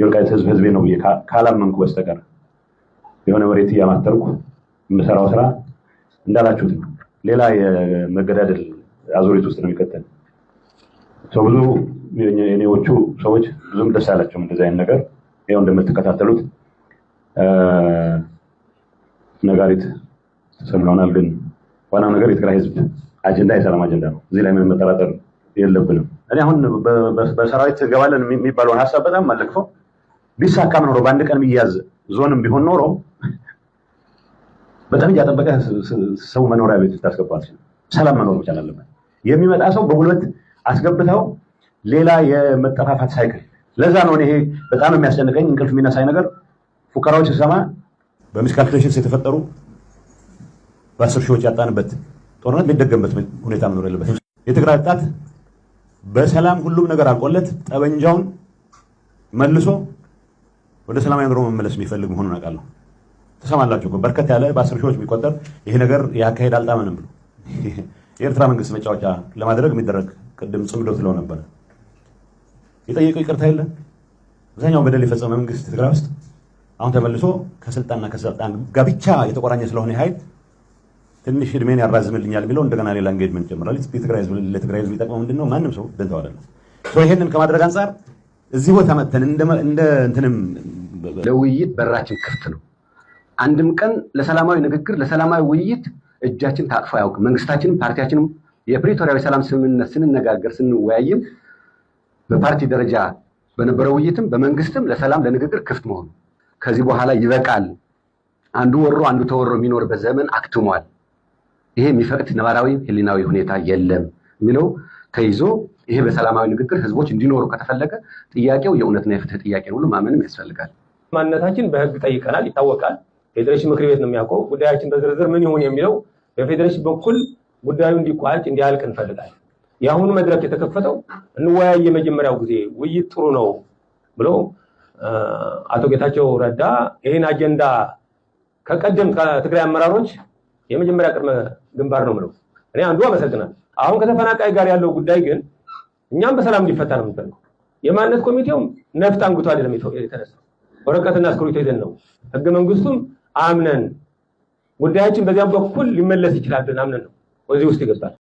የወልቃይት ህዝብ ህዝቤ ነው ብዬ ካላመንኩ በስተቀር የሆነ መሬት እያማተርኩ የምሰራው ስራ እንዳላችሁት ነው። ሌላ የመገዳደል አዙሪት ውስጥ ነው የሚከተል ሰው። ብዙ የኔዎቹ ሰዎች ብዙም ደስ አላቸውም እንደዚህ አይነት ነገር። ያው እንደምትከታተሉት ነጋሪት ተሰማ ይሆናል። ግን ዋናው ነገር የትግራይ ህዝብ አጀንዳ የሰላም አጀንዳ ነው። እዚህ ላይ ምንም መጠራጠር የለብንም። እኔ አሁን በሰራዊት ገባለን የሚባለውን ሀሳብ በጣም አለቅፈው ቢሳካም ኖሮ በአንድ ቀን የሚያዝ ዞንም ቢሆን ኖሮ በጣም እያጠበቀ ሰው መኖሪያ ቤት ታስገባል። ሰላም መኖር መቻል አለበት። የሚመጣ ሰው በጉልበት አስገብተው ሌላ የመጠፋፋት ሳይክል። ለዛ ነው ይሄ በጣም የሚያስጨንቀኝ እንቅልፍ የሚነሳኝ ነገር ፉከራዎች ስሰማ በሚስ የተፈጠሩ በአስር ሺዎች ያጣንበት ጦርነት ሊደገምበት ሁኔታ መኖር ያለበት። የትግራይ ወጣት በሰላም ሁሉም ነገር አልቆለት ጠበንጃውን መልሶ ወደ ሰላማዊ ኑሮ መመለስ የሚፈልግ መሆኑን አውቃለሁ። ተሰማላችሁ። በርከት ያለ በአስር ሺዎች የሚቆጠር ይሄ ነገር ያካሄድ አልጣመንም ብሎ የኤርትራ መንግስት መጫወቻ ለማድረግ የሚደረግ ቅድም ብሎ ትለው ነበረ የጠየቀው ይቅርታ የለም። አብዛኛው በደል የፈጸመ መንግስት ትግራይ ውስጥ አሁን ተመልሶ ከስልጣንና ከስልጣን ጋብቻ የተቆራኘ ስለሆነ ሀይል ትንሽ እድሜን ያራዝምልኛል የሚለው እንደገና ሌላ እንጌጅመንት ጀምራል። ለትግራይ ህዝብ የሚጠቅመው ምንድን ነው? ማንም ሰው ደንተው አይደለም። ይሄንን ከማድረግ አንጻር እዚህ ቦታ መጥተን እንደ እንትንም ለውይይት በራችን ክፍት ነው። አንድም ቀን ለሰላማዊ ንግግር ለሰላማዊ ውይይት እጃችን ታጥፎ አያውቅም። መንግስታችንም ፓርቲያችንም የፕሪቶሪያዊ ሰላም ስምምነት ስንነጋገር ስንወያይም በፓርቲ ደረጃ በነበረው ውይይትም በመንግስትም ለሰላም ለንግግር ክፍት መሆኑ ከዚህ በኋላ ይበቃል፣ አንዱ ወሮ አንዱ ተወሮ የሚኖርበት ዘመን አክትሟል፣ ይሄ የሚፈቅድ ነባራዊ ህሊናዊ ሁኔታ የለም የሚለው ተይዞ ይሄ በሰላማዊ ንግግር ህዝቦች እንዲኖሩ ከተፈለገ ጥያቄው የእውነትና የፍትህ ጥያቄ ሁሉ ማመንም ያስፈልጋል። ማንነታችን በህግ ጠይቀናል፣ ይታወቃል። ፌዴሬሽን ምክር ቤት ነው የሚያውቀው። ጉዳያችን በዝርዝር ምን ይሁን የሚለው በፌዴሬሽን በኩል ጉዳዩ እንዲቋጭ እንዲያልቅ እንፈልጋለን። የአሁኑ መድረክ የተከፈተው እንወያይ የመጀመሪያው ጊዜ ውይይት ጥሩ ነው ብሎ አቶ ጌታቸው ረዳ ይህን አጀንዳ ከቀደም ከትግራይ አመራሮች የመጀመሪያ ቅድመ ግንባር ነው ምለው እኔ አንዱ አመሰግናል። አሁን ከተፈናቃይ ጋር ያለው ጉዳይ ግን እኛም በሰላም እንዲፈታ ነው የምንፈልገው። የማንነት ኮሚቴውም ነፍጥ አንግቷል የተነሳው ወረቀትና እስክሪብቶ ይዘን ነው። ህገ መንግስቱም አምነን ጉዳያችን በዚያም በኩል ሊመለስ ይችላል ብለን አምነን ነው ወደዚህ ውስጥ ይገባል።